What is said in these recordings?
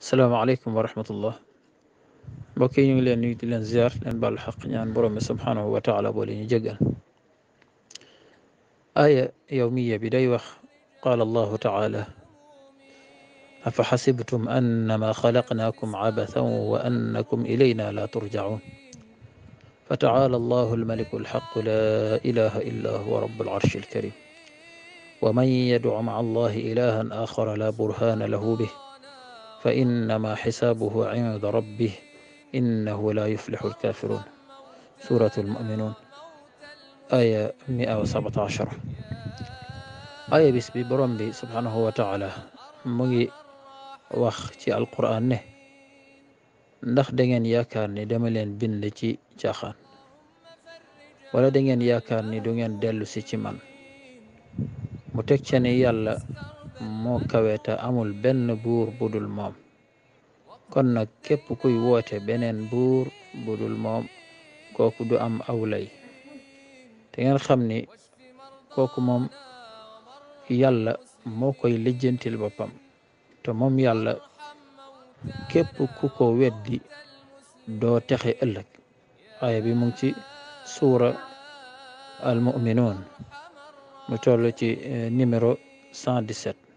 السلام عليكم ورحمة الله بكي يقول لي نيت لين زيار لين بالحق يعني برم سبحانه وتعالى بولي نجل آية يومية بداية قال الله تعالى أفحسبتم أنما خلقناكم عبثا وأنكم إلينا لا ترجعون فتعالى الله الملك الحق لا إله إلا هو رب العرش الكريم ومن يدع مع الله إلها آخر لا برهان له به فإنما حسابه عند ربه إنه لا يفلح الكافرون سورة المؤمنون آية 117 آية bis bi borom bi subhanahu wa taala mu ngi wax ci alquran ne ndax da ngeen yaakaar ni dama leen bind ci caaxaan wala da ngeen yaakaar ni du ngeen dellu si ci man mu teg ca ne yàlla moo kawe amul benn buur budul moom kon nag képp kuy woote beneen buur budul moom kooku du am awlay te ngeen xam ni kooku moom yàlla moo koy lijjantil boppam te moom yàlla képp ku ko weddi doo texe ëllëg aaya bi mu ngi ci suura al muminuun mu toll ci eh, numéro 117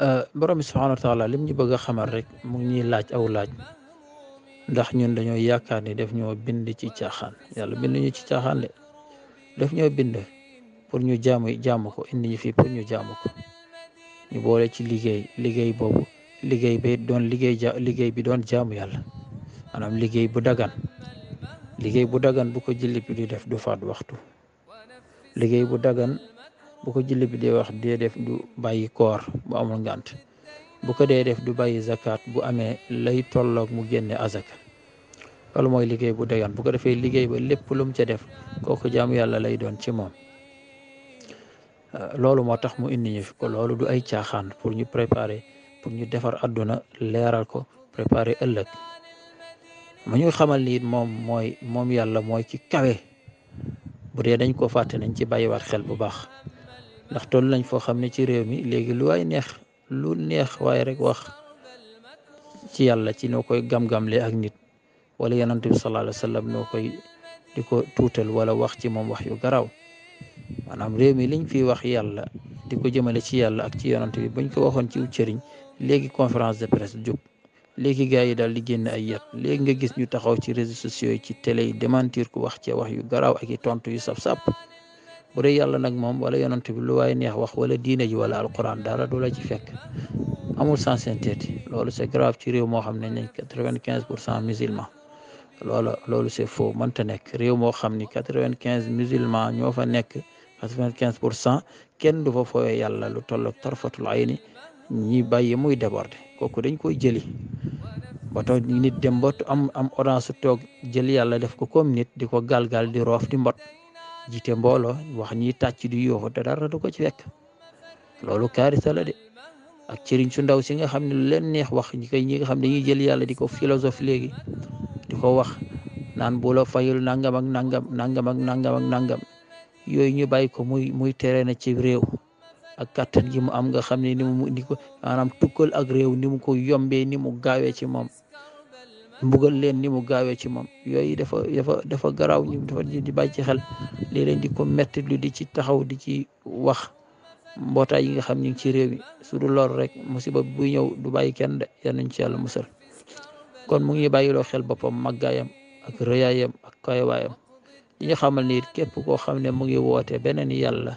Euh, borom bi subhaanahu wa taala lim ñu bëgg a rek mu ngi ñuy laaj aw laaj ndax ñun dañoo yaakaar ni daf ñoo bind ci caaxaan yàlla bind ñu ci caaxaan de daf ñoo bind pour ñu jaamu jaamu ko indi ñu fii pour ñu jaamu ko ñu boole ci liggéey liggéey boobu liggéey bi doon liggéey bi doon jaamu yàlla maanaam liggéey bu dagan liggéey bu dagan bu ko jullit bi di def du faat waxtu liggéey bu dagan bu ko julli bi dee wax dee def du bàyyi koor bu amul ngant bu ko dee def du bàyyi zakat bu amee lay tolloog mu génne azaka loolu mooy liggéey bu dagan bu ko defee liggéey ba lépp lu mu ca def kooku jaamu yàlla lay doon ci moom euh, loolu moo tax mu indi ñu fi ko loolu du ay caaxaan pour ñu préparer pour ñu defar àdduna leeral ko préparer ëllëg ma ñu xamal ni moom mooy moom yàlla mooy ci kawe bu dee dañ ko fàtte nañ ci bàyyiwaat xel bu baax ndax toll lañ foo xam ne ci réew mi léegi lu waay neex lu neex waaye rek wax ci yàlla ci noo koy gam-gamle ak nit wala yonent bi sallallahu alayhi wa koy di ko tuutal wala wax ci moom wax yu garaw maanaam réew mi liñ fi wax yàlla di ko jëmale ci yàlla ak ci yonent bi buñ ko waxoon ci cëriñ léegi conférence de presse jóg léegi gars yi daal di génn ay yat léegi nga gis ñu taxaw ci réseaux sociaux yi ci télé yi démentir ku wax ci wax yu garaaw ak i tontu yu saf-sàpp bu dee yàlla nag moom wala yonent bi lu waay neex wax wala diine ji wala alquran dara du la ci fekk amul sens synthétique loolu c'est grave ci réew moo xam ne nañ quatre-vingt-quinze pour cent musulman loolu loolu c'est faux mënta nekk réew moo xam ni quatre-vingt-quinze musulman ñoo fa nekk quatre quinze pour cent kenn du fa fooyee yàlla lu toll tarfatul ayni ñi bàyyi muy débordé kooku dañ koy jëli ba tax nit dem am am orange toog jël yàlla def ko comme nit di ko galgal di roof di mbot jiite mbooloo wax ñiy tàcc di yoofu te dara du ko ci fekk loolu kaarisa la de ak cëriñ su ndaw si nga xam ne lu leen neex wax ñi koy ñi nga xam dañuy jël yàlla di ko philosophe léegi di ko wax naan bu la fayul nangam ak nangam nangam ak nangam nangam yooyu ñu bàyyi ko muy muy tere na ci réew ak kattan gi mu am nga xam ne ni mu ni ko maanaam tukkal ak réew ni mu ko yombee ni mu gaawee ci moom mbugal leen ni mu gaawee ci moom yooyu dafa dafa dafa garaaw ñu di bàyyi ci xel lii leen di ko metti lu di ci taxaw di ci wax mbootaay yi nga xam ñu ngi ci réew mi su dul lool rek musiba buy ñëw du bàyyi kenn de yal nañ ci yàlla musal kon mu ngi bàyyiloo xel boppam màggaayam ak rëyaayam ak kayawaayam di nga xamal ni képp koo xam ne mu ngi woote beneen yàlla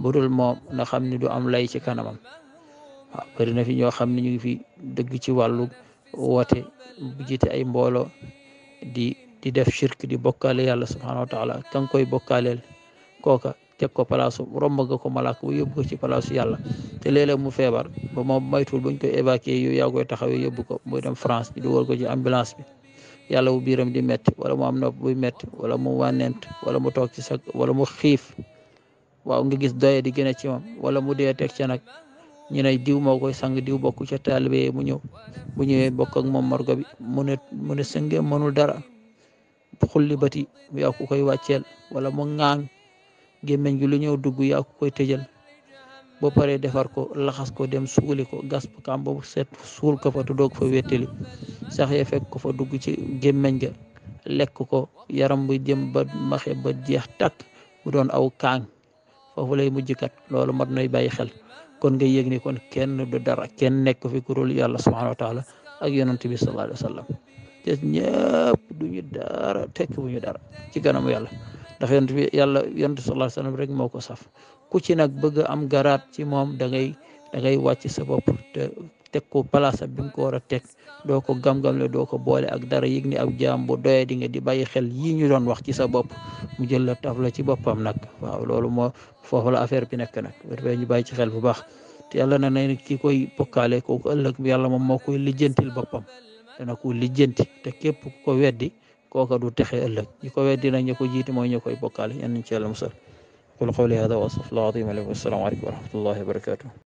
bu dul moom na xam ni du am lay ci kanamam waaw bëri na fi ñoo xam ne ñu fi dëgg ci wàllu woote bu jiite ay mboolo di di def shirk di bokkaale yàlla subhaanahu wa taala kan koy bokkaaleel kooka teg ko palaasu romb nga ko malaak bu yóbbu ko ci palaasu yàlla te léeg mu feebar ba moom maytul buñ koy évacuer yu yaa koy taxawee yóbbu ko muy tam France bi dugal ko ci ambulance bi yàlla bu biiram di metti wala mu am nopp buy metti wala mu wànnent wala mu toog ci sag wala mu xiif waaw nga gis di gën a ci moom wala mu dee teg ñu ne diw moo koy sang diw bokku ca taalibe mu ñëw bu ñëwee bokk ak moom morgo bi mu ne mu ne sënge mënul dara xulli bati yaa koy wàcceel wala mu ŋaaŋ gémmeñ gi lu ñëw dugg yaa ku koy tëjal boo pare defar ko laxas ko dem suuli ko gas kam boobu set suul ko fa tu doog fa wettali sax ya fekk ko fa dugg ci gémmeñ ga lekk ko yaram bu jëm ba maxe ba jeex takk mu doon aw kaaŋ foofu lay mujj kat loolu mat nay bàyyi xel kon nga yëg kon kenn du dara kenn nekk fi kuréel yàlla subhanahu wa taala ak yonent bi sallallahu alayhi wa sallam te ñëpp du ñu dara tekki bu ñu dara ci kanam yàlla ndax yonent bi yàlla yonent sallallahu alayhi wa rek moo ko saf ku ci nag bëgg am garaat ci moom da ngay da sa bopp teg ko place bi nga ko war a teg doo ko gam-gamle doo ko boole ak dara yëg ni ab jaam bu doye di nga di bàyyi xel yii ñu doon wax ci sa bopp mu jël la taf la ci boppam nag waaw loolu moo foofu la affaire bi nekk nag bu ñu bàyyi ci xel bu baax te na ne ki koy bokkaale kooku ëllëg yàlla moom moo koy lijjantil boppam dana ko lijjanti te képp ku ko weddi kooka du texe ëllëg ñi ko weddi na ñi ko jiiti mooy ñi koy bokkaale yal nañ ci yàlla musal qul qawli hada wa astaghfirullaah al-aziim wa salaamu aleykum wa rahmatullaahi